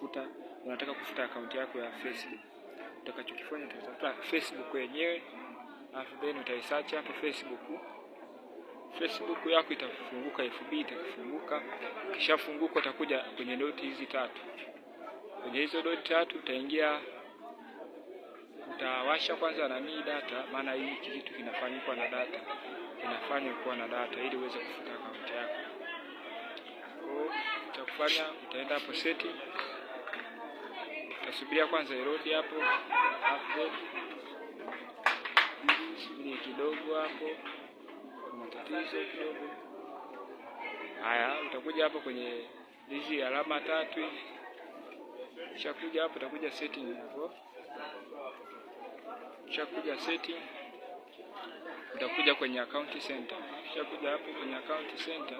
unakuta unataka kufuta akaunti yako ya Facebook. Utakachokifanya utatafuta Facebook yenyewe, alafu then utaisearch hapo Facebook. Facebook yako itafunguka, FB itafunguka. Ukishafunguka utakuja kwenye doti hizi tatu. Kwenye hizo doti tatu utaingia, utawasha kwanza nani data, maana hii kitu kinafanyikwa na data, kinafanya kuwa na data ili uweze kufuta akaunti yako. Kwa hiyo cha kufanya utaenda hapo setting Nasubiria kwanza irodi hapo, hapo subiri kidogo hapo, kuna tatizo kidogo. Haya, utakuja hapo kwenye hizi alama tatu hizi, ushakuja hapo, utakuja setting hapo, ushakuja setting utakuja kwenye account center. Utakuja hapo kwenye account center,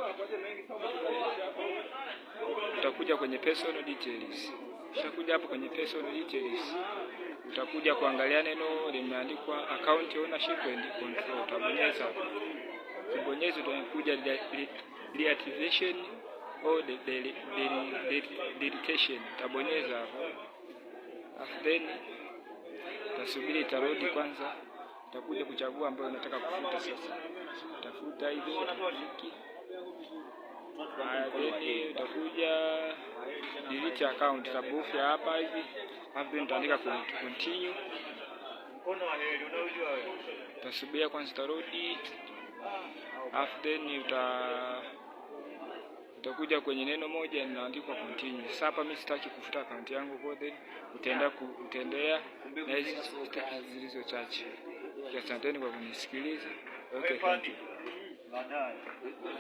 utakuja kwenye personal details. Utakuja hapo kwenye personal details, utakuja kuangalia neno limeandikwa account ownership and control, utabonyeza. Ukibonyeza utakuja reactivation au dedication. utabonyeza hapo, afu then utasubiri itarudi kwanza, utakuja kuchagua ambayo unataka kufuta. Sasa utafuta hivi, utakuja create account, tabofya hapa hivi, alafu nitaandika continue. Utasubiria kwanza tarudi, alafu then uta utakuja kwenye neno moja linaandikwa continue. Sasa hapa mimi sitaki kufuta account yangu, kwa then utaendelea utaendelea na hizi zilizo chache. Asanteni kwa kunisikiliza. Okay, thank you.